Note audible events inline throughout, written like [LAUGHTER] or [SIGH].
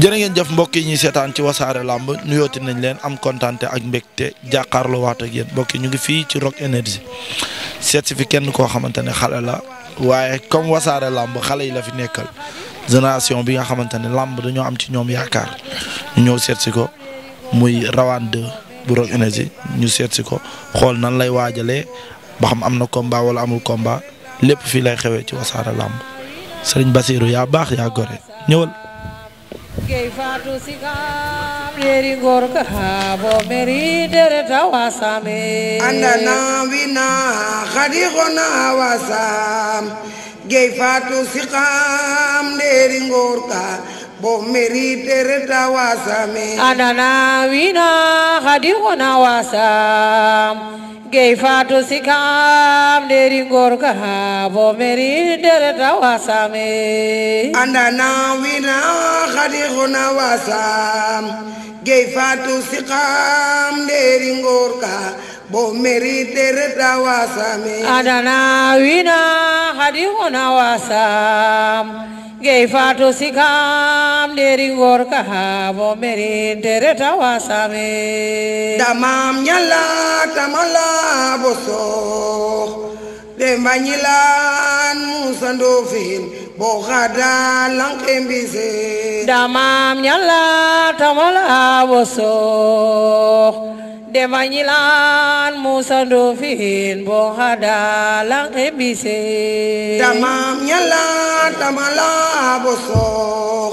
jërë ngeen jëf mbokk yi ñuy seetaan ci wasaare làmb nuyooti nañ leen am kontante ak mbégte jàkkaarloo waat ak yéen mbokk yi ñu ngi fii ci Rock Énergie seet fi kenn koo xamante ne xale la waaye comme wasaare làmb xale yi la fi nekkal génération bi nga xamante ne làmb dañoo am ci ñoom yaakaar ñu ñëw seet si ko muy Rawane 2 bu Rock Énergie ñu seet si ko xool nan lay waajalee ba xam am na combat wala amul combat lépp fii lay xewee ci wasaare làmb Serigne Bassirou yaa baax Gueye Fatou Sikam yeri ngor ka haabo meri dereta wasam Gueye andana wina khadi khona wasam gey faatu sikaam deri gorka bo meri dereta wasame andana wina khadi khuna wasam gey faatu sikaam deri gorka bo meri dereta wasame andana wina khadi khuna wasam gey faato sikam deri ngor ka haabo merin tere tawasame damam nyala tamala boso de banyilan musa ndofin bo khada lankembise damam nyala tamala boso demañilan Musa Ndofène bo hada lang ebise tamam ñala tamala bo sox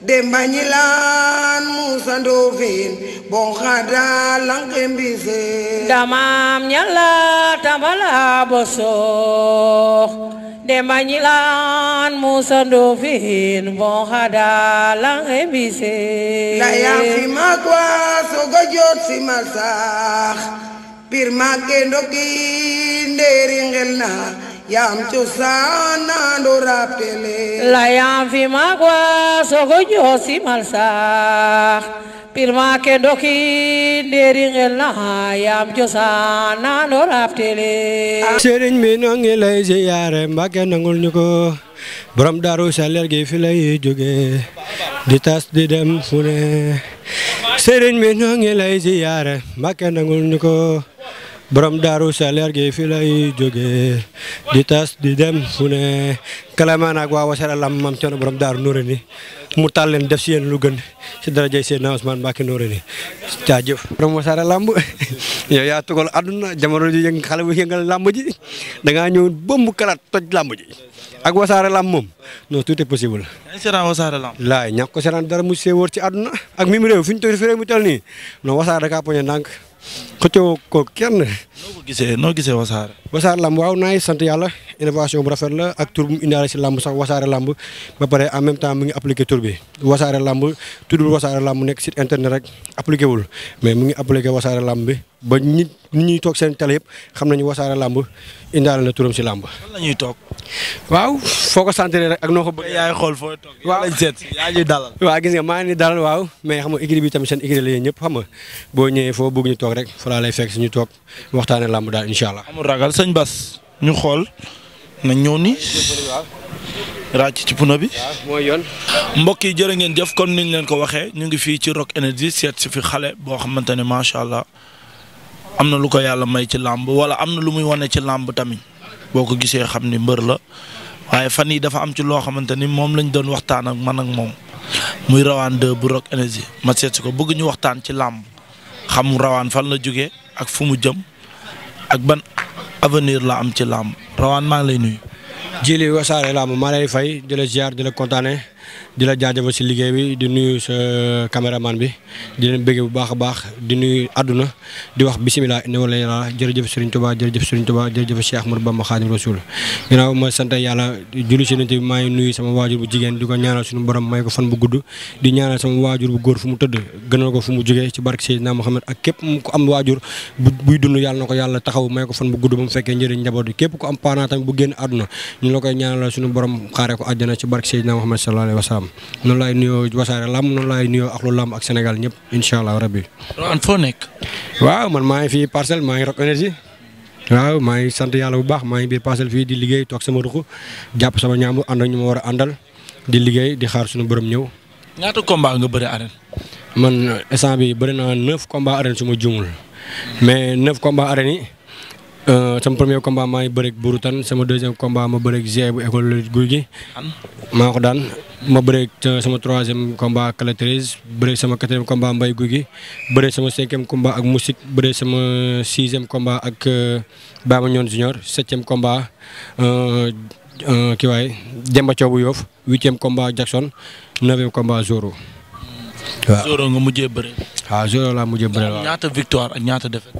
demañilan Musa Ndofène bo hada lang Demanyilan musando fin bohada lang ebise. Layang si magwa sogajot si malsak. Pirma kendo kinderingel na yam chusana dorapele. Layang si magwa sogajot si malsak. pilmaake ndoki ndeeriŋel na yaam cosaan na no raftele sëriñ mi noo ngi lay ziyaare Mbàkke nangul ñu ko borom daaru saleer gi fi lay jóge di tas di dem fu ne sëriñ mi noo ngi lay ziyaare Mbàkke nangul ñu ko borom daaru saleer gi fi lay jóge di tas di dem fu ne kalama naag waa Wassare Lamb maam coono borom daaru Noreyni mu taal leen def si yéen lu gën si darajay Seydina Ousmane Mbacké Noreyni jaajëf borom Wassare Lamb [LAUGHS] yow tugal àdduna jamono ji yëng xale bu yëngal lamb ji dangaa ngaa ñëw bomb kalat toj lamb ji ak Wassare Lamb moom non tout est possible. seetaan Wassare Lamb. laay ñàkk ko seetaan mu see ci àdduna ak mimi réew fi ñu toll fi réew mi toll nii non xëccoo ko kenn. noo ko gisee noo gisee wasaare. wasaare lamb waaw naay sant yàlla innovation bu rafet la ak tur bu mu indaale si lamb sax wasaare lamb ba pare en même temps mu ngi appliqué tur bi wasaare lamb tuddul bi nit ñuy toog seen télé yëpp xam nañu wasaare lamb indaale na turam si lamb. la ñuy toog. waaw foo ko santere rek ak noo ko bëggee. yaay xool foo toog waaw lañ seet yaa ñuy dalal. waaw gis nga maa ngi dalal waaw mais xam nga la laa lay fekk suñu toog waxtaanee làmb daal incha allah. amul ragal sëñ Bas ñu xool nañ ñëw ni ràcc ci puna bi. mooy yoon. mbokk yi jërë ngeen jëf kon niñ leen ko waxee ñu ngi fii ci Rock Énergie seet si fi xale boo xamante ne macha allah am na lu ko yàlla may ci làmb wala am na lu muy wane ci làmb tamit boo ko gisee xam ni mbër la waaye fan yi dafa am ci loo xamante ni moom lañ doon waxtaan ak man ak moom muy rawaan de bu Rock Énergie ma seet si ko bëgg ñu waxtaan xam rawaan fan la jóge ak fu mu jëm ak ban avenir la am ci làmb rawaan maa ngi lay nuyu. jili wasaare làmb maa lay fay di la ziar di la kontaane di la jaajëfal si liggéey bi di nuyu sa caméraman bi di leen bëgg bu baax a baax di nuyu àdduna di wax bisimilah néew la yàlla jërëjëf Serigne Touba jërëjëf Serigne Touba jërëjëf Cheikh Ahmadou Bamba Khadim Rasoul ginnaaw ma sant yàlla julli si nit bi maa ngi nuyu sama waajur bu jigéen di ko ñaanal suñu borom may ko fan bu gudd di ñaanal sama waajur bu góor fu mu tëdd gënal ko fu mu jógee ci barke Seydina Mohamed ak képp ku am waajur buy dund yàlla na ko yàlla taxaw may ko fan bu gudd ba mu fekkee njëriñ njaboot képp ku am parent tamit bu génn ñu la koy ñaanal suñu borom xaaree ko àjjana ci barke Seydina Muhammad sallallahu alayhi wa sallam noonu laay nuyoo wasaare lamb noonu laay nuyoo axlu lamb ak Sénégal ñëpp incha allah rabbi. Roane foo nekk. waaw man maa ngi fii parcelle maa ngi Rock Énergie waaw maa ngi sant yàlla bu baax maa bii biir parcelle fii di liggéey toog sama ruq jàpp sama ñaambu ànd ak ñu ma war a àndal di liggéey di xaar suñu borom ñëw. ñaata combat nga bëri arène. man instant bi bëri naa neuf combat arène su ma Euh, sama premier combat maa ngi bëreeg Burutan sama deuxième combat ma bëreeg G bu école guy gi. maa ko daan ma bëreeg euh, sama troisième combat Kala Thérèse sama quatrième combat Mbay guy gi bëreeg sama cinquième komba ak Moustique bëreeg sama sixième komba ak euh, Baba Ñoon Junior septième combat kii waaye Demba Coobu Yoof huitième combat Jackson neuvième combat Zoro. waaw Zoro nga mujjee bëre. waaw Zoro laa mujjee bëre waaw ñaata victoire ñaata défaite.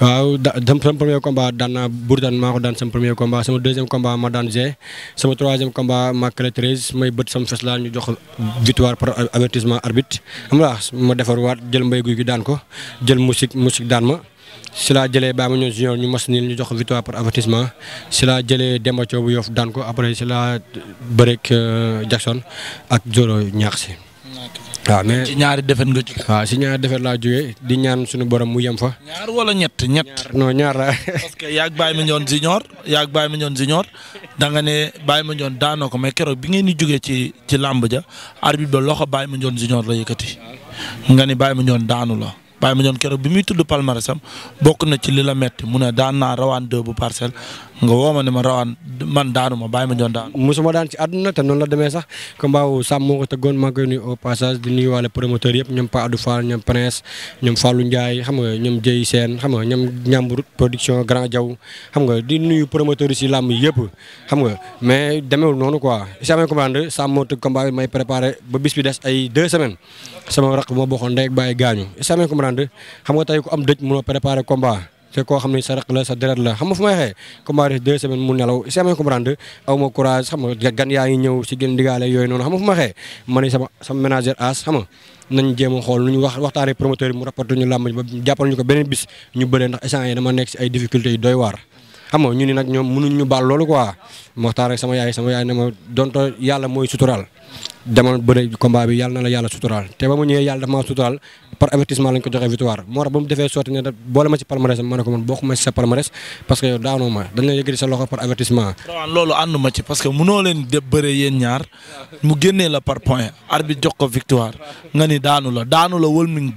waaw da sama premier combat daan naa Bourdane maa ko daan sama premier combat sama deuxième combat ma daan G sama troisième combat ma clé 13 may bët sama fes laa ñu jox victoire par avertissement arbitre am la ma defar waat jël mbay guy gi daan ko jël musique musique daan ma. si laa jëlee Baye Mandione junior ñu mos niil ñu jox victoire par avertissement si laa jëlee Demba Thiaw bu Yoff daan ko après si laa bëreeg euh, Jackson ak Zoro ñaax si. waaw mais ci ñaari defet nga ci waaw si ñaari defet laa jógee di ñaan suñu borom mu yem fa. ñaar wala ñett ñett. non ñaar la. [LAUGHS] parce que yaag Baye Mandione Junior yaag Baye Mandione Junior da nga ne baay Baye Mandione daanoo ko mais keroog bi ngeen di jógee ci ci làmb ja arbitre ba loxo Baye Mandione Junior la yëkkati nga ni Baye Mandione daanu la. Baye Mandione keroog bi muy tudd palmarèsam bokk na ci li la metti mu ne daan naa rawaan deux bu parcelle nga woo ma ne ma rawaan man daanu ma Baye Mandione daanu. musuma daan ci àdduna te noonu la demee sax combat wu Sam moo ko tëggoon maa ngi koy nuyu au passage di nuyuwaale promoteur yëpp ñoom Pa Adou Fall ñoom Prince ñoom Fallou Ndiaye xam nga ñoom Dieye Sène xam nga ñoom Ñambur production Grand Diaw xam di nuyu promoteur yi si làmb yëpp xam nga mais demeewul noonu quoi si amee comprendre Sam moo tëgg combat may préparé ba bis des ay deux semaines sama rakk bu ma bokkoon ndey ànd xam nga tey ku am dëj mënoo préparé combat te koo xam ne sa raq la sa deret la xam nga fu may waxee combat des deux mu nelaw si amee comprendre aw courage xam nga gan yaa ñëw si gën ndigaale yooyu noonu xam nga fu ma waxee ma ne sama sama ménagère xam nañ jéem a xool nu ñu wax waxtaanee promoteur yi mu rapporté ñu làmb ba jàppal ñu ko beneen bis ñu bëree ndax échange yi dama nekk si ay difficultés yu doy waar xam ñu ni nag ñoom mënuñ ñu baal loolu na la yàlla suturaal te ba par avertissement lañ ko joxee victoire moo tax ba mu defee sotti ne da boole ma ci palmarès ma ne ko man bokkuma ci sa palmarès parce que yow ma dañ la yëgëri sa loxo par avertissement. rawan loolu ànduma ci parce que mënoo leen de bëree yéen ñaar mu génnee la par point arbitre jox ko victoire nga ni daanu la daanu la wël mi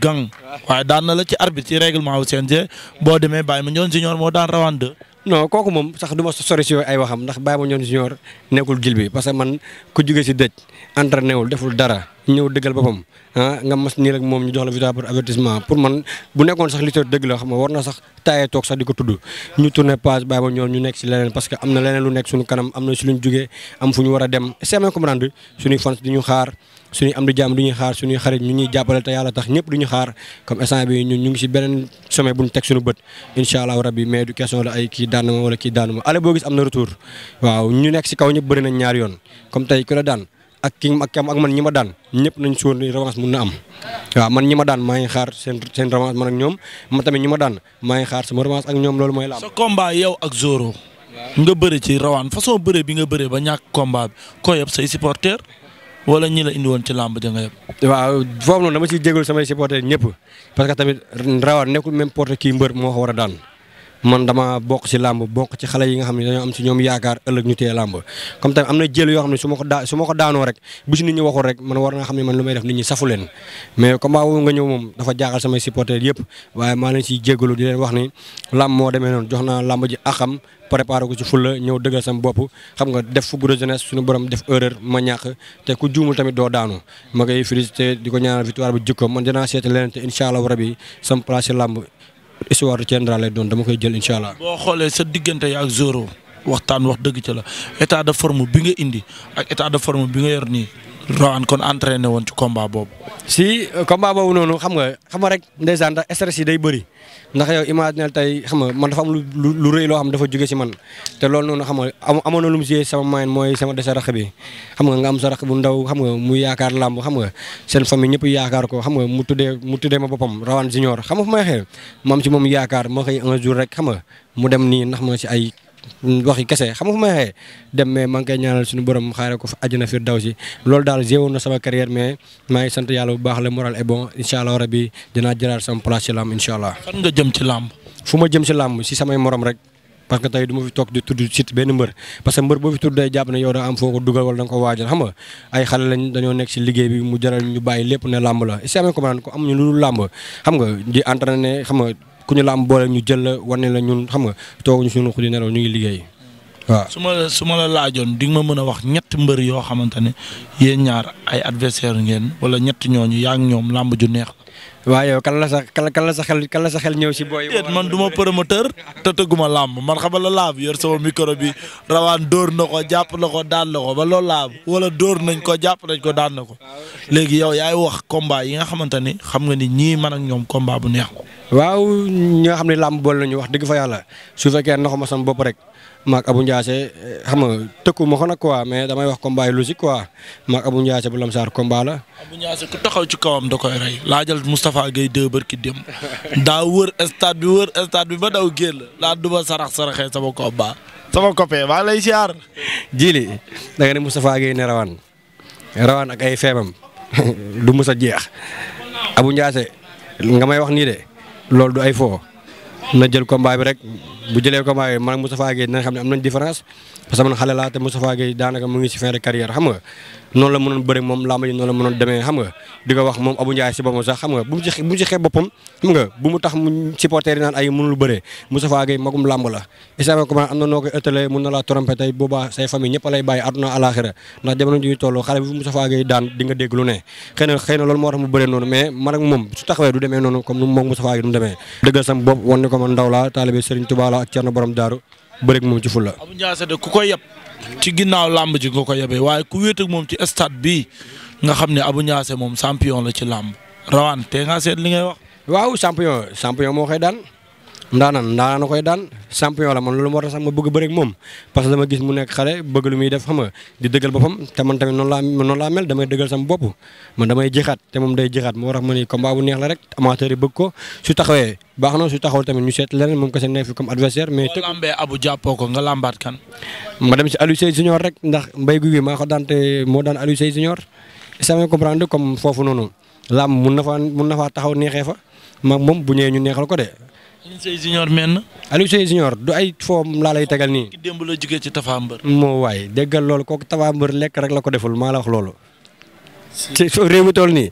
waaye daan na la ci arbitre ci règlement wu CNG boo demee bàyyi ma ñoon junior moo daan rawan 2 non kooku moom sax du sori si yooyu ay waxam ndax Baye Mandione Junior nekkul jil bi parce que man ku jógee si dëj entraîné wul deful dara ñëw dëggal boppam ah nga mas nii rek moom ñu jox la visa pour pour man bu nekkoon sax lutteur dëgg la xam nga war na sax taayee toog sax di ko tudd ñu tourné page Baye Mandione ñu nekk si leneen parce que am na leneen lu nekk suñu kanam am na si luñ jógee am fu ñu war a dem c'est comprendre suñuy fans di ñu xaar suñuy am di jàmm du ñuy xaar suñuy xarit ñu ñuy jàppale te yàlla tax ñëpp du ñu xaar comme instant bi ñu ngi si beneen sommet bu ñu teg suñu bët incha allahu rabbi mais du question la ay kii daan ma kii daan ale boo gis am na retour waaw ñu nekk si kaw ñëpp bëri nañ ñaar yoon comme tey ku ak ñi ma daan ñëpp nañ suwoon revanche mun na am waaw man ñi ma daan maa ngi xaar seen seen revanche man ak ñoom man tamit ñi ma daan maa ngi xaar sama revanche ak ñoom loolu mooy la sa combat yow ak Zoro nga bëri bi nga bëre ba ñàkk combat bi ko yëpp say wala ñi la indi woon ci làmb ja nga yëpp. foofu noonu dama ciy jégalu samay supporter ñëpp parce que tamit rawat nekkul même porte kii mbër moo ko war a man dama bokk si làmb bokk ci xale yi nga xam ne dañoo am ci ñoom yaakaar ëllëg ñu téye làmb comme tamit am na jël yoo xam ne su ma ko daa su ma ko daanoo rek bu ci nit ñi waxul rek man war naa def nit moom dafa jaaxal samay supporters yëpp waaye maa leen ciy jégalu di wax ni làmb moo demee noonu jox naa làmb ji axam préparé ko ci fulla ñëw dëggal sam bopp xam nga def fugu de jeunesse suñu borom def erreur ma ñàkk te ku juumul tamit doo daanu ma koy félicité di ko ñaanal victoire bu jikko man dinaa seeti leneen te incha allah rabi sam place ci làmb histoire tiendra lay doon dama koy jël incha allah. boo xoolee sa diggante yi ak waxtaan wax dëgg ca la état de forme bi nga indi ak état de forme bi nga yor nii Rawane kon entraîné woon ci combat boobu. si combat boobu noonu xam nga xam nga rek ndeysaan ndax stress yi day bëri ndax yow imaginer tey xam nga man dafa am lu lu rëy loo xam dafa jóge si man te loolu noonu xam nga amoon na lu mu jiyee sama moyen mooy sama dese rakk bi xam nga nga am sa rax bu ndaw xam nga mu yaakaar làmb xam nga seen famille ñëpp yaakaar ko xam nga mu tuddee mu tuddee ma boppam Rawane Junior xam nga fu may xew ma am si moom yaakaar moo xëy un jour rek xam nga mu dem nii ndax ma si ay. waxi kese xam nga jëm ci làmb. fu ma jëm ci làmb si samay morom rek. parce que tey du ma fi toog di tudd sit benn mbër parce que mbër boo fi tudd day jàpp ne yow da am foo ko dugal wala da ko waajal xam ay xale lañ dañoo nekk si liggéey bi mu jaral ñu bàyyi lépp ne làmb la si amee ko am ñu lu làmb xam nga di entraîné xam ku ñu laam boole ñu jël la wane la ñun xam nga tooguñu suñu xul yi nelaw ñu ngi liggéey waaw. su ma la su ma la laajoon di nga ma mën a wax ñetti mbër yoo xamante ne yéen ñaar ay adversaire ngeen wala ñett ñooñu yaa ngi ñoom làmb ju neex. waa yow kan la sa kan la sa xel kan la sa xel ñëw si booy. man du ma promoteur te tëgguma làmb man xamal la làmb yor sama micro bi rawaan dóor na ko jàpp na ko daan na ko ba loo làmb wala door nañ ko jàpp nañ ko daan na ko léegi yow yaay wax combat yi nga xamante ni xam nga ni ñii man ak ñoom combat bu neex. ko waaw ñoo xam ne làmb bool nañu wax dëgg fa yàlla su fekkee ndox ma sama bopp rek. maak Abou Ndiassé eh, xam nga tëkku ma ko nag quoi mais damay wax combat yi logique quoi maak Abou Ndiassé bu Lamsaar combat la. Abou Ndiassé ku taxaw ci kawam da koy rey laajal Moustapha Gueye deux barki dem daa wër stade bi wër stade bi ba daw génn laa duma sarax saraxee sama combat. sama copain maa lay siyaar. jili da nga ne Moustapha Gueye ne rawaan rawaan ak ay feebam [LAUGHS] du mës a jeex Abou Ndiassé nga may wax nii de loolu du ay fo na jël combat bi rek. bu jëlee combat yi man ak Moustapha Gueye dina xam ne am nañ différence parce man xale laa te mu ngi si daan di dégg lu ne xëy na xëy na loolu moo mu bëree noonu mais man moom su taxawee du demee noonu comme nu moom Moustapha Gueye du mu demee dëggal sam bopp wan ni ko man ndaw laa taalibe Serigne Touba fulla ak Thierno borom daaru bëreeg moom ci fulla. Abou Ndiassé de ku koy yeb ci ginnaaw làmb ji nga ko yebee waaye ku wéet moom ci stade bi nga xam ne Abou Ndiassé moom champion la ci làmb rawante nga seet li ngay wax. waaw champion champion moo koy ndaanaan ndaanaan na koy daan champion la man loolu moo tax sax ma bëgg bëri ak moom parce que dama gis mu nekk xale bëgg lu muy def xam nga di dëggal boppam te man tamit noonu laa noonu laa mel damay day jeexaat moo tax ma ni combat bu baax na su tamit ñu seet leneen moom kese nekk abu jàppoo ko nga lambaat kan ma dem si Aliou Junior rek ndax mbéy gu gi maa ko daante moo daan Aliou Seye Junior sama comprendre comme foofu noonu lamb mun na faa taxaw neexee fa maag moom bu ñëwee ñu neexal ko de Alioune Seye junior men. Alioune Seye junior du ay foom laa lay tegal nii. ki démb la jugee ci Tafa Mbër. moo waay déggal loolu kooku Tafa Mbër lekk rek la ko deful maa la wax loolu. si réew mi toll nii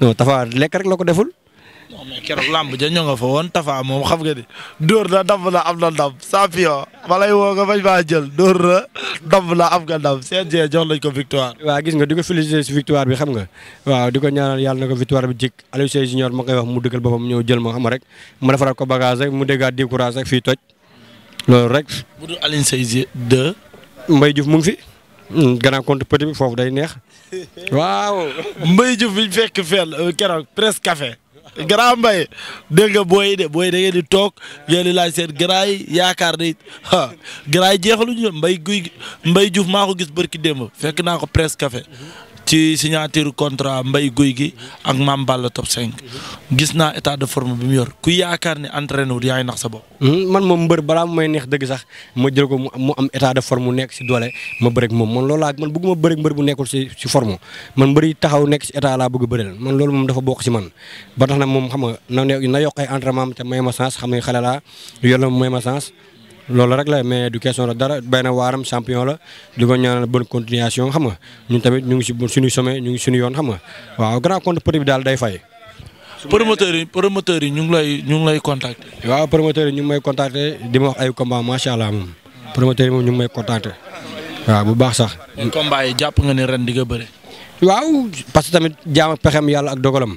non Tafa lekk rek la ko deful. non mais keroog làmb ja ñoo nga fa woon Tafa moom xam nga ni dóor na damb na am na ndam champion balay woo nga bañ maa jël door na damb na am nga ndam CNG jox lañ ko victoire. waaw gis nga di ko féliciter si victoire bi xam nga waaw di ko ñaanal yàlla na ko victoire bi jik Aliou Seye junior ma koy wax mu dëggal boppam ñëw jël ma xam rek mu defaraat ko bagage rek mu déggaat di courage rek fii toj loolu rek. bu dul Aliou Seye de. Mbaye Diouf mu ngi fi. Hmm, grand day neex. [LAUGHS] waaw. Mbaye Diouf biñ fekk euh, grand mbay dégg nga booy de booy da di toog ngeen di laaj seen grand yi yaakaar ne ah grand yi jeexaluñu mbay guy mbay Diouf maa ko gis barki démb fekk naa ko presse café ci signature contrat mbay guy gi ak maam Balla top 5 gis naa état de forme bi mu yor ku yaakaar ne entraîné wul yaay nax sa bopp. Hmm, man moom mbër balaa may neex dëgg sax ma jël ko mu am état de forme mu nekk si doole ma bëreeg moom man loolu laa man ma bëreeg mbër bu nekkul si si forme man mbër taxaw nekk si état laa bëgg bëri man loolu moom dafa bokk si man ba tax na moom xam na ne na yokk ay entraînement te may ma chance xam nga xale laa yor ma chance loolu rek la mais du question la dara bay na waaram champion la di ko ñaanal bonne continuation xam nga ñun tamit ñu ngi si suñu sommet ñu ngi suñu yoon xam nga waaw grand compte petit bi daal day fay. promoteur yi promoteur yi ñu ngi lay ñu ngi lay contacter. waaw promoteur yi ñu may contacter di ma wax ay combat macha allah moom promoteur yi moom ñu ngi may contacter waaw bu baax sax. combat yi jàpp nga ne ren di nga bëre. waaw parce que tamit jaam pexem yàlla ak dogalam.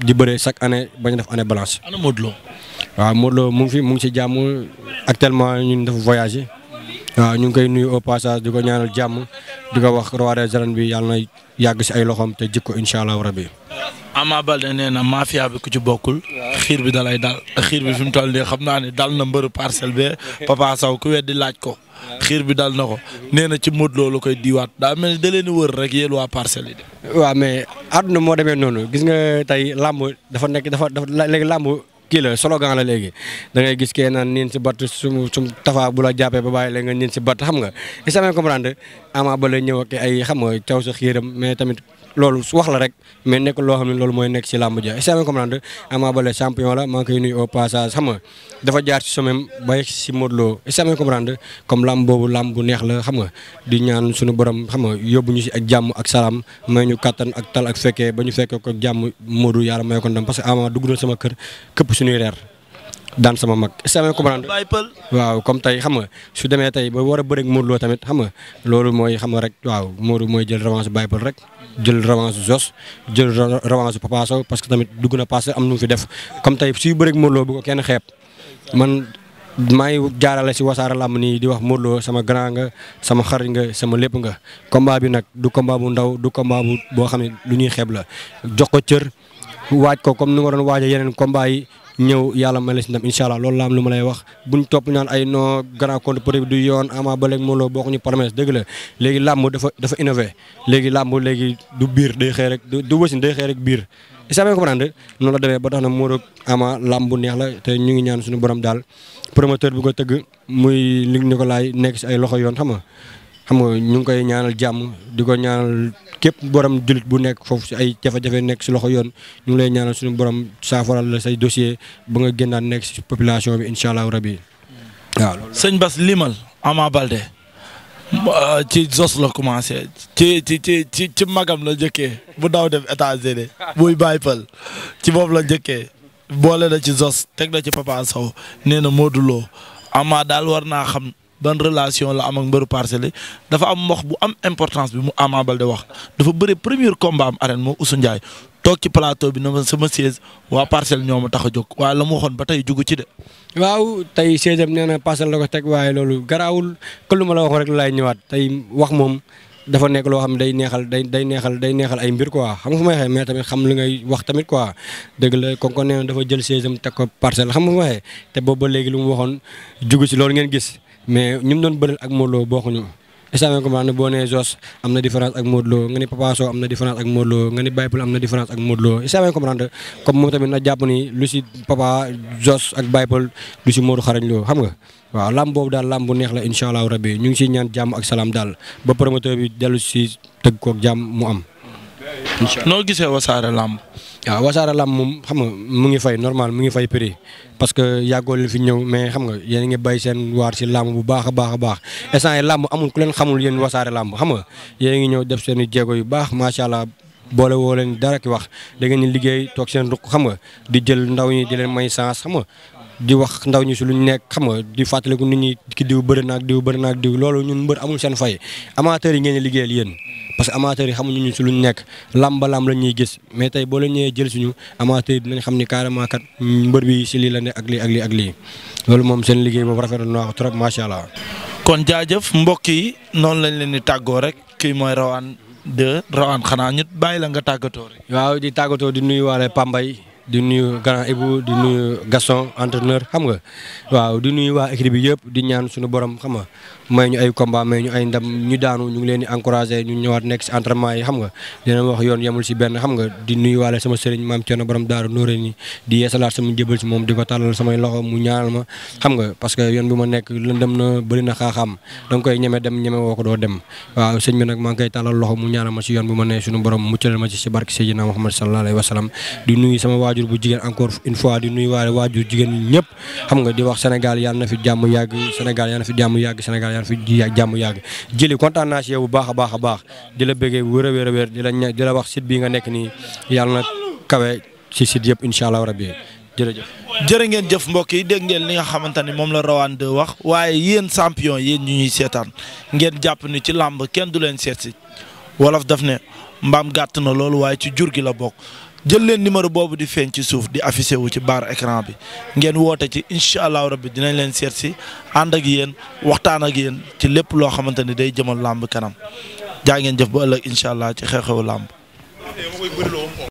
di bëree chaque année bañ def année balance. ana waaw Modou mu ngi fi mu ngi si jàmm actuellement ñun dafa voyagé waaw ñu ngi koy nuyu au passage di ko ñaanal jàmm di ko wax roi des bi yàlla na yàgg si ay loxoom te jikko incha allah rabi. Ama Balde nee na mafia bi ku ci bokkul. xiir bi dalay dal xiir bi fi mu toll nii xam naa ne dal na mbëru parcelle be Papa Sow ku weddi laaj ko. xiir bi dal na ko nee na ci Modou Lo la koy diwaat daa mel ni àdduna moo demee noonu gis nga tey làmb dafa nekk dafa dafa léegi làmb kii la slogan la léegi da ngay gis kee naan niin si batt sum sum tafa bu la jàppee ba bàyyi la nga niin si batt xam nga est-ce que comprendre Ama ñëw ak ay xam nga caw sa xiiram mais tamit loolu su wax la rek mais nekkul loo xam ne loolu mooy nekk si làmb ja comprendre la maa ngi koy nuyu au passage xam nga dafa jaar si somem si Modou Lo est-ce comme làmb boobu làmb neex la xam nga di ñaan suñu borom xam nga yóbbu ñu si ak jàmm ak salaam may ñu kattan ak tal ak fekkee ba ñu fekkee ko jàmm Modou yàlla may ko ndam parce que Ama dugg na sama kër këpp suñuy reer daan sama mag est-ce que comprendre waaw comme tey xam nga su demee tey ba war a bëreeg Modou Lo tamit xam loolu mooy xam rek waaw Modou mooy jël revanche Baye rek jël revanche Jos jël revanche Papa parce que tamit dugg na passé am nu mu fi def comme tey suy bëreeg Modou Lo bu ko kenn xeeb man maa jaarale si wasaara làmb nii di wax Modou Lo sama grand nga sama xarit nga sama lépp nga combat bi nag du combat bu ndaw du combat bu boo xam ne lu ñuy xeeb la jox ko cër waaj ñëw yàlla may la si ndam incha allah loolu la lu ma lay wax bu buñ topp ñaan ay no grand compte peut-être du yoon Ama Baldé ak Modou Lô bokkuñu promesse dëgg léegi làmb dafa dafa innové léegi làmb léegi du biir day xëy rek du wësin day xëy rek biir est-ce que noonu la demee ba tax na Modou Ama làmb bu neex la te ñu ngi ñaan suñu borom daal promoteur bi ko tëgg muy Luc Nicolaï nekk si ay loxo yoon xam nga xam nga ñu ngi koy ñaanal jàmm di ko ñaanal képp borom jullit bu nekk foofu si ay jafe-jafe nekk si loxo yoon ñu lay ñaanal suñu borom saafaral la say dossier ba nga génnaat nekk si population bi incha allah rabi waaw. sëñ Bas liimal Ama Balde euh, ci Zos la commencé ci ci ci magam la njëkkee bu daw def États-Unis buy bàyyi pël ci boobu la njëkkee boole la ci Zos teg la ci Papa Sow nee na Modou daal war naa xam. ban relation la am ak mbëru Parcelles dafa am wax bu am importance bi mu Ama de wax dafa bëre premier combat am arène moo Ousseynou Ndiaye toog ci palateau bi na ma sama siège waa parcelle ñoo ma tax a jóg waaye la ba tey jugu ci de. waaw tey siège am nee la ko teg waaye loolu garaawul que lu ma la wax rek laay ñëwaat tey wax moom. dafa nekk loo xam ne day neexal day day neexal day neexal ay mbir quoi xam nga fu may waxee mais tamit xam li ngay wax tamit quoi dëgg la kon ko nee dafa jël séesam teg ko parcelle xam nga fu may waxee te boobu ba léegi lu mu waxoon jugu ci loolu ngeen gis. mais ñu mu doon bëreel ak Modou Lo bokkuñu istamé boo nee Jos am na différence ak Modou Lo nga ni Papa Sow am na différence ak Modou Lo nga ni Baye Pul am na différence ak Modou na jàpp ni si Papa Jos ak Baye Pul lu si Modou xarañ loo xam nga waaw làmb boobu daal làmb bu neex la incha allahu rabbi ñu ngi siy ñaan jàmm ak salaam daal ba promoteur bi dellu si tëgg kook jàmm mu am. incha allah noo gisee wasaare làmb. waaw wasaare lam moom xam nga mu ngi fay normal mu ngi fay prix parce que yàggoo leen fi ñëw mais xam nga yéen a ngi béy seen waar si làmb bu baax a baax a baax instant yi làmb amul ku leen xamul yéen wasaare làmb xam nga yéen ngi ñëw def seen i jéego yu baax macha allah boole woo leen dara ki wax da ngeen di liggéey toog seen rukk xam nga di jël ndaw ñi di leen may chance xam nga di wax ndaw ñi si luñ nekk xam nga di fàttaliku nit ñi ki diw bëri naag diw bëri naag diw loolu ñun mbër amul seen fay amateur yi ngeen liggéeyal yéen parce que amateurs yi xamuñu ñu si ñu nekk lamb ba la ñuy gis mais tey boo leen ñëwee jël suñu amateurs yi dinañ xam ni carrément kat mbër bi si lii la ne ak lii ak lii ak lii loolu moom seen liggéey boobu rafetlu naa ko trop macha allah. kon jaajëf mbokk yi noonu lañ leen di tàggoo rek kii mooy rawaan de rawaan xanaa ñu bàyyi la nga tàggatoo rek. waaw di tàggatoo di nuyu nuyuwaale Pambay di nuyu grand Ibou di nuyu Gaston entraîneur xam nga waaw di nuyu waa équipe bi yëpp di ñaan suñu borom xam nga may ñu ay combat may ñu ay ndam ñu daanu ñu ngi leen di encouragé ñu ñëwaat nekk si entraînement yi xam nga dina wax yoon xam nga di nuyu waale sama sëriñ maam Thierno borom Daaru Noreyni di yeesalaat sama njëbal si moom di ko tàllal samay loxo mu ñaanal ma xam nga parce que yoon ma nekk lëndëm na bëri na xaaxaam da nga koy ñeme dem ñeme woo ko doo dem waaw sëñ bi nag maa ngi koy tàllal loxo mu ñaanal ma si yoon bi ma ne suñu borom muccal ma si si barke Seydina Muhammad a alayhi wa sallam di nuyu sama waajur waajur bu jigéen encore une fois di nuyu waale waajur jigéen ñëpp xam nga di wax Sénégal yàlla na fi jàmm yàgg Sénégal yàlla na fi jàmm yàgg Sénégal yàlla na fi jàmm yàgg jëli kontaan naa si yow bu baax a baax a baax di la bëggee wér a wér a wér di la di wax site bi nga nekk nii yal na kawe si site yëpp incha allah rabbi jërëjëf. jërë ngeen jëf mbokk yi dégg ngeen li nga xamante ni moom la rawaan de wax waaye yéen champion yéen ñu ñuy seetaan ngeen jàpp ni ci làmb kenn du leen seet si wolof daf ne mbaam gàtt na loolu waaye ci jur gi la bokk jël leen numéro boobu di feeñ ci suuf di affiché wu ci baar écran bi ngeen woote ci incha allahu rabbi dinañ leen seet si ànd ak yéen waxtaan ak yéen ci lépp loo xamante ni day jëmal làmb kanam jaa ngeen jëf ba ëllëg incha allah ci xew-xewu làmb.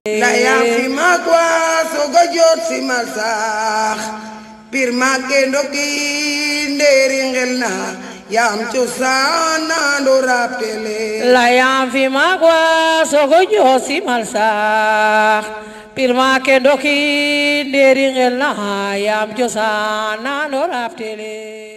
ndayam fi mag waa soga joot fi mal saax pir maake ndoki ndeeri ngel naa yaam cosaan naandu raptele layam fi magwa sogo joosi malsax pirma ke ndoki nderi ngel na yaam cosaan naandu raptele